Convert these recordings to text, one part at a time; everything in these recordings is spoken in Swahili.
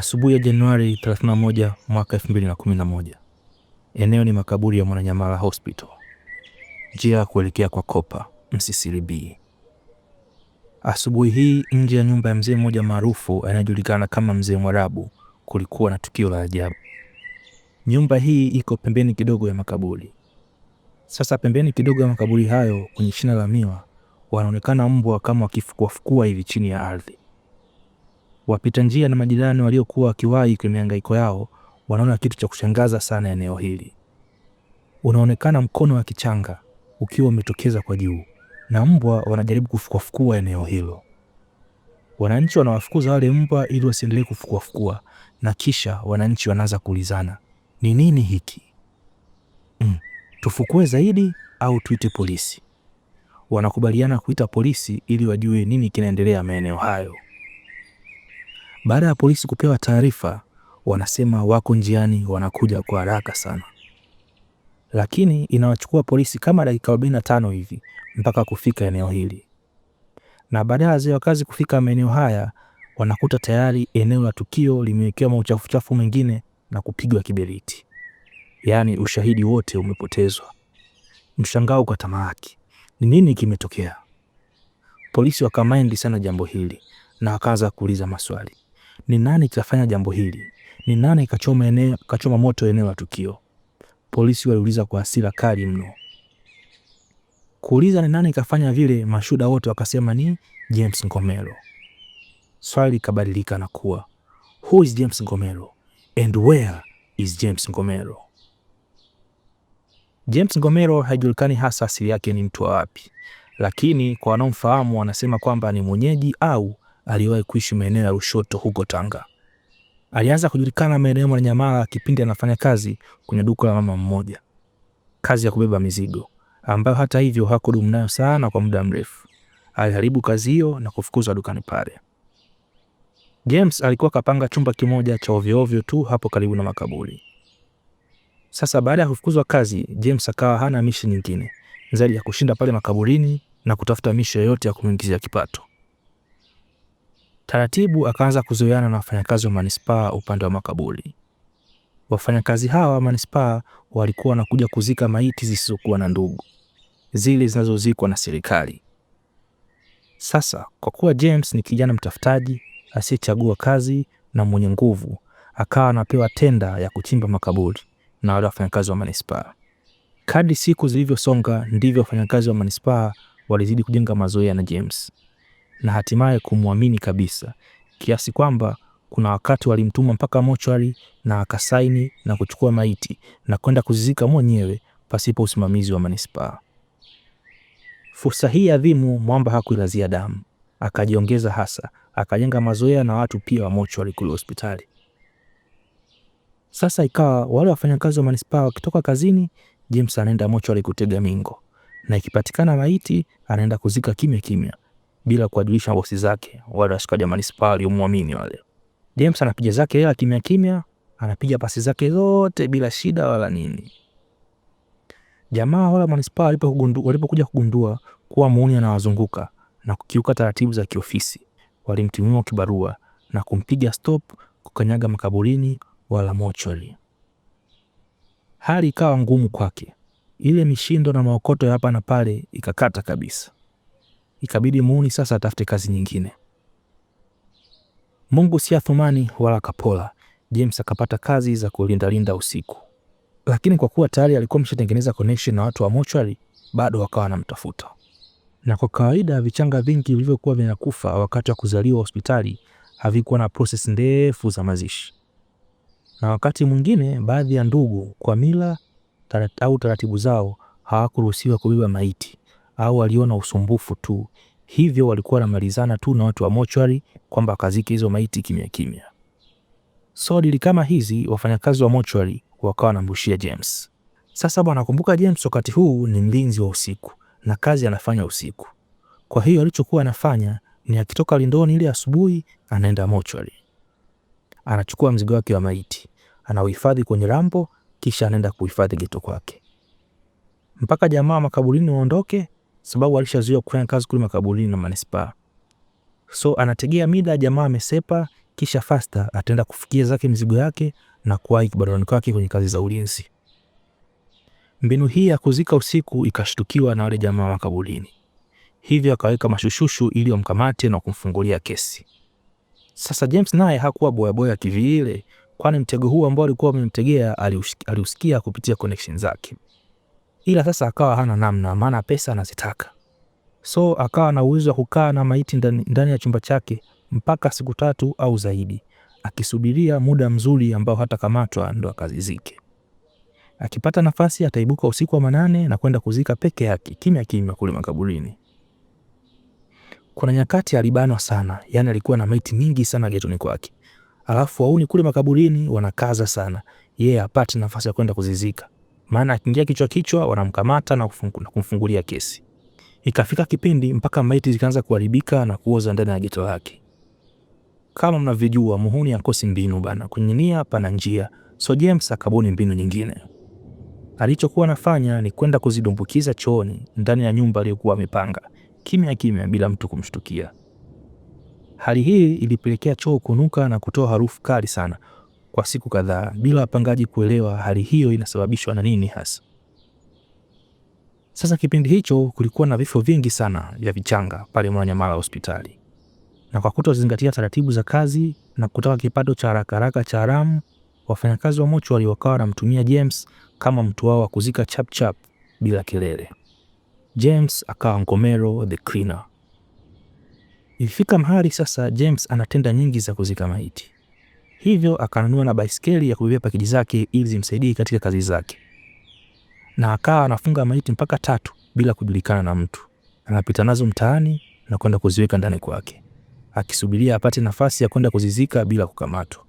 Asubuhi ya Januari 31 mwaka 2011. Eneo ni makaburi ya Mwananyamala Hospital, njia ya kuelekea kwa Kopa Msisiri B. Asubuhi hii nje ya nyumba ya mzee mmoja maarufu anayejulikana kama Mzee Mwarabu kulikuwa na tukio la ajabu. Nyumba hii iko pembeni kidogo ya makaburi. Sasa pembeni kidogo ya makaburi hayo, kwenye shina la miwa, wanaonekana mbwa kama wakifukuafukua hivi chini ya ardhi. Wapita njia na majirani waliokuwa wakiwahi kwenye mihangaiko yao wanaona kitu cha kushangaza sana eneo hili. Unaonekana mkono wa kichanga ukiwa umetokeza kwa juu na mbwa wanajaribu kufukuafukua eneo hilo. Wananchi wanawafukuza wale mbwa ili wasiendelee kufukuafukua, na kisha wananchi wanaanza kuulizana ni nini hiki? Mm, tufukue zaidi au tuite polisi? Wanakubaliana kuita polisi ili wajue nini kinaendelea maeneo hayo. Baada ya polisi kupewa taarifa, wanasema wako njiani, wanakuja kwa haraka sana, lakini inawachukua polisi kama dakika 45 hivi mpaka kufika eneo hili, na baada ya wazee wa kazi kufika maeneo haya, wanakuta tayari eneo la tukio limewekewa mauchafuchafu mengine na kupigwa kiberiti, yaani ushahidi wote umepotezwa. Mshangao tamaaki, ni nini kimetokea? Polisi wakamaindi sana jambo hili na wakaanza kuuliza maswali ni nani kafanya jambo hili? Ni nani kachoma eneo, kachoma moto eneo la tukio? Polisi waliuliza kwa hasira kali mno. Kuuliza ni nani kafanya vile, mashuhuda wote wakasema ni James Ngomero. Swali likabadilika na kuwa who is James Ngomero and where is James Ngomero? James Ngomero haijulikani hasa asili yake ni mtu wa wapi, lakini kwa wanaomfahamu wanasema kwamba ni mwenyeji au aliwahi kuishi maeneo ya Lushoto huko Tanga. Alianza kujulikana maeneo ya Nyamala kipindi anafanya kazi kwenye duka la mama mmoja, kazi ya kubeba mizigo ambayo hata hivyo hakudumu nayo sana kwa muda mrefu. Aliharibu kazi hiyo na kufukuzwa dukani pale. James alikuwa kapanga chumba kimoja cha ovyoovyo tu hapo karibu na makaburi. Sasa baada ya kufukuzwa kazi, James akawa hana mishi nyingine zaidi ya kushinda pale makaburini na kutafuta mishi yoyote ya kumwingizia kipato. Taratibu akaanza kuzoeana na wafanyakazi wa manispaa upande wa makaburi. Wafanyakazi hawa wa manispaa walikuwa wanakuja kuzika maiti zisizokuwa na ndugu, zile zinazozikwa na serikali. Sasa kwa kuwa James ni kijana mtafutaji asiyechagua kazi na mwenye nguvu, akawa anapewa tenda ya kuchimba makaburi na wale wafanyakazi wa manispaa. Kadri siku zilivyosonga, ndivyo wafanyakazi wa manispaa walizidi kujenga mazoea na James na hatimaye kumwamini kabisa, kiasi kwamba kuna wakati walimtuma mpaka mochwari na akasaini na kuchukua maiti na kwenda kuzizika mwenyewe pasipo usimamizi wa manispaa. Fursa hii adhimu Mwamba hakuilazia damu, akajiongeza hasa, akajenga mazoea na watu pia wa mochwari kule hospitali. Sasa ikawa wale wafanyakazi wa manispaa wakitoka kazini, James anaenda mochwari kutega mingo, na ikipatikana maiti anaenda kuzika kimya kimya bila kuwajulisha bosi zake wala washikaji wa manispaa muamini wale. James anapiga zake hela kimya kimya, anapiga pasi zake zote bila shida wala nini. Jamaa wala manispaa walipokuja kugundua kuwa muuni anawazunguka na kukiuka taratibu za kiofisi, walimtimua kibarua na kumpiga stop kukanyaga makaburini wala mocholi. Hali ikawa ngumu kwake, ile mishindo na maokoto ya hapa na pale ikakata kabisa ikabidi muuni sasa atafute kazi nyingine. Mungu si Athumani wala Kapola, James akapata kazi za kulindalinda usiku, lakini kwa kuwa tayari alikuwa ameshatengeneza connection na watu wa mochwari, bado wakawa wanamtafuta. Na kwa kawaida vichanga vingi vilivyokuwa vinakufa wakati wa kuzaliwa hospitali havikuwa na proses ndefu za mazishi, na wakati mwingine baadhi ya ndugu kwa mila au taratibu zao hawakuruhusiwa kubeba maiti au aliona usumbufu tu, hivyo walikuwa wanamalizana tu na watu wa mochwari kwamba wakazike hizo maiti kimya kimya. So dili kama hizi wafanyakazi wa mochwari wakawa wanambushia James. Sasa bwana, kumbuka James wakati huu ni mlinzi wa usiku na kazi anafanya usiku. Kwa hiyo alichokuwa anafanya ni akitoka lindoni ile asubuhi, anaenda mochwari, anachukua mzigo wake wa maiti, anauhifadhi kwenye rambo, kisha anaenda kuhifadhi geto kwake mpaka jamaa makaburini waondoke sababu alishazuia kufanya kazi kule makaburini na manispaa. So anategea mida jamaa amesepa, kisha fasta ataenda kufikia zake mizigo yake na kuwahi kibaroni kwake kwenye kazi za ulinzi. Mbinu hii ya kuzika usiku ikashtukiwa na wale jamaa wa makaburini, hivyo akaweka mashushushu ili wamkamate na kumfungulia kesi. Sasa James naye hakuwa boyaboya kivile, kwani mtego huu ambao alikuwa amemtegea aliusikia kupitia connection zake ila sasa akawa hana namna, maana pesa anazitaka. So akawa na uwezo wa kukaa na maiti ndani, ndani ya chumba chake mpaka siku tatu au zaidi, akisubiria muda mzuri ambao hata kamatwa ndo akazizike. Akipata nafasi ataibuka usiku wa manane na kwenda kuzika peke yake kimya kimya kule makaburini. Kuna nyakati alibanwa sana, yani alikuwa na maiti mingi sana getoni kwake, alafu wauni kule makaburini wanakaza sana, yeye yeah, apate nafasi ya kwenda kuzizika maana akiingia kichwa kichwa wanamkamata na kumfungulia kesi. Ikafika kipindi mpaka maiti zikaanza kuharibika na kuoza ndani ya geto lake. Kama mnavyojua muhuni akosi mbinu bana, kwenye nia pana njia. So James akabuni mbinu nyingine. Alichokuwa anafanya ni kwenda kuzidumbukiza chooni ndani ya nyumba aliyokuwa amepanga kimya kimya, bila mtu kumshtukia. Hali hii ilipelekea choo kunuka na kutoa harufu kali sana kwa siku kadhaa bila wapangaji kuelewa hali hiyo inasababishwa na nini hasa. Sasa kipindi hicho kulikuwa na vifo vingi sana vya vichanga pale Mwananyamala hospitali, na kwa kutozingatia taratibu za kazi na kutaka kipato cha haraka haraka cha haramu, wafanyakazi wa mochwari wakawa wanamtumia James kama mtu wao wa kuzika chap bila kelele. James akawa ngomero the cleaner. Ilifika mahali sasa James anatenda nyingi za kuzika maiti hivyo akanunua na baiskeli ya kubebea pakiji zake ili zimsaidie katika kazi zake, na akawa anafunga maiti mpaka tatu bila kujulikana na mtu. Anapita nazo mtaani na kwenda kuziweka ndani kwake, akisubiria apate nafasi ya kwenda kuzizika bila kukamatwa.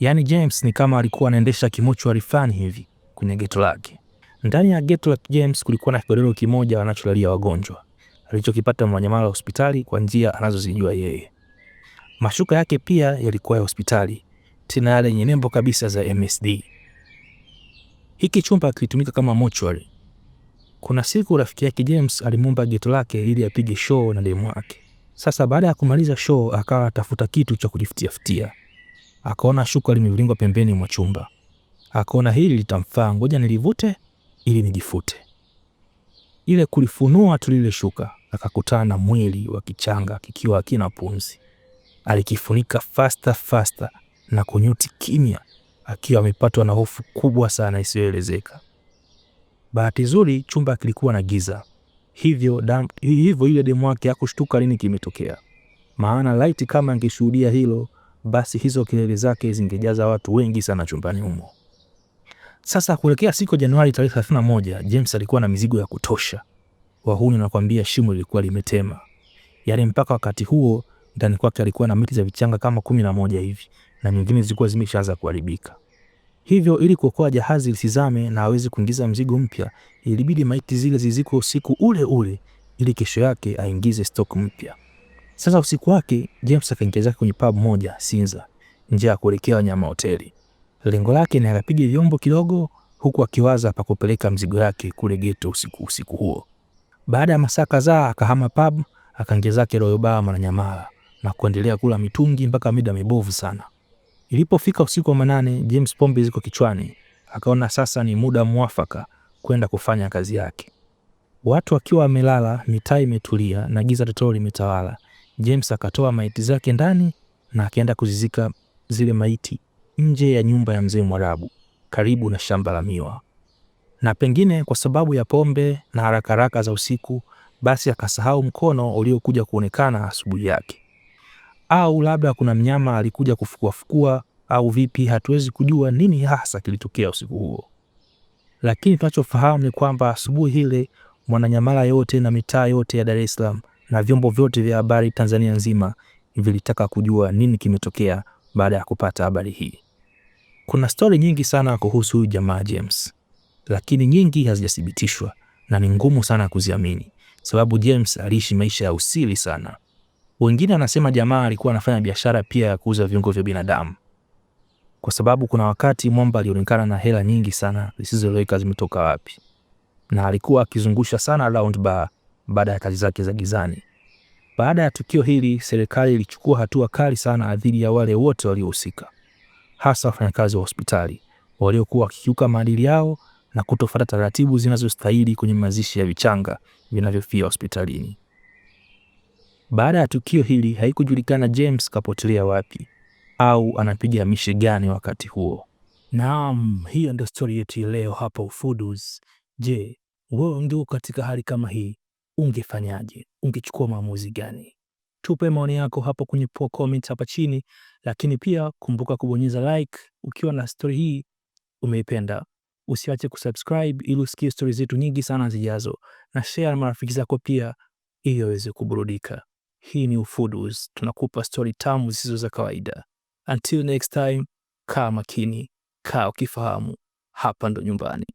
Yaani James ni kama alikuwa anaendesha kimochwari fulani hivi kwenye geto lake. Ndani ya geto la James kulikuwa na kigodoro kimoja wanacholalia wagonjwa alichokipata Mwananyamala hospitali kwa njia anazozijua yeye. Mashuka yake pia yalikuwa ya hospitali tena lenye nembo kabisa za MSD. Hiki chumba kilitumika kama mochwari. Kuna siku rafiki yake James alimumba geto lake ili apige show na demu wake. Sasa baada ya kumaliza show, akawa atafuta kitu cha kujifutiafutia, akaona shuka limevilingwa pembeni mwa chumba. Akaona hili litamfaa, ngoja nilivute ili nijifute. Ile kulifunua tu lile shuka, akakutana na mwili wa kichanga kikiwa hakina pumzi. Alikifunika faster faster na kunyuti kimya, akiwa amepatwa na hofu kubwa sana isiyoelezeka. Bahati nzuri chumba kilikuwa na giza, hivyo dam, hivyo yule demu wake hakushtuka lini kimetokea, maana laiti kama angeshuhudia hilo, basi hizo kelele zake zingejaza watu wengi sana chumbani humo. Sasa kuelekea siku ya Januari tarehe 31, James alikuwa na mizigo ya kutosha. Wahuni wanakuambia shimo lilikuwa limetema, yaani mpaka wakati huo ndani kwake alikuwa na miti za vichanga kama kumi na moja hivi na nyingine zilikuwa zimeshaanza kuharibika. Hivyo ili kuokoa jahazi lisizame na aweze kuingiza mzigo mpya, ilibidi maiti zile zizikwe usiku ule ule ili kesho yake aingize stock mpya. Sasa usiku wake James akaingia zake kwenye pub moja Sinza, nje ya kuelekea wanyama hoteli. Lengo lake ni akapiga vyombo kidogo, huku akiwaza pa kupeleka mzigo yake kule geto usiku usiku huo. Baada ya masaa kadhaa akahama pub, akaingia zake Royal Bar Mwananyamala na kuendelea kula mitungi mpaka mida mibovu sana. Ilipofika usiku wa manane, James pombe ziko kichwani, akaona sasa ni muda mwafaka kwenda kufanya kazi yake. Watu wakiwa wamelala, mitaa imetulia na giza totoro limetawala. James akatoa maiti zake ndani na akaenda kuzizika zile maiti nje ya nyumba ya mzee Mwarabu karibu na shamba la miwa, na pengine kwa sababu ya pombe na haraka za usiku, basi akasahau mkono uliokuja kuonekana asubuhi yake au labda kuna mnyama alikuja kufukuafukua au vipi, hatuwezi kujua nini hasa kilitokea usiku huo, lakini tunachofahamu ni kwamba asubuhi ile Mwananyamala yote na mitaa yote ya Dar es Salaam na vyombo vyote vya habari Tanzania nzima vilitaka kujua nini kimetokea baada ya kupata habari hii. Kuna stori nyingi sana kuhusu jamaa James, lakini nyingi hazijathibitishwa na ni ngumu sana kuziamini, sababu James aliishi maisha ya usiri sana. Wengine wanasema jamaa alikuwa anafanya biashara pia ya kuuza viungo vya binadamu, kwa sababu kuna wakati mwamba alionekana na hela nyingi sana zisizoeleweka zimetoka wapi, na alikuwa akizungusha sana round bar baada ya kazi zake za gizani. Baada ya tukio hili, serikali ilichukua hatua kali sana dhidi ya wale wote waliohusika, hasa wafanyakazi wa hospitali waliokuwa wakikiuka maadili yao na kutofuata taratibu zinazostahili kwenye mazishi ya vichanga vinavyofia hospitalini. Baada ya tukio hili haikujulikana James kapotelea wapi au anapiga mishe gani wakati huo. Naam, hiyo ndio stori yetu leo hapa Ufuduzi. Je, wewe ungekuwa katika hali kama hii ungefanyaje? Ungechukua maamuzi gani? Tupe maoni yako hapo kwenye comment hapa chini, lakini pia kumbuka kubonyeza like ukiwa na stori hii umeipenda. Usiache kusubscribe ili usikie stori zetu nyingi sana zijazo, na share na marafiki zako pia ili waweze kuburudika. Hii ni ufudus tunakupa stori tamu zisizo za kawaida. Until next time, kaa makini, kaa ukifahamu, hapa ndo nyumbani.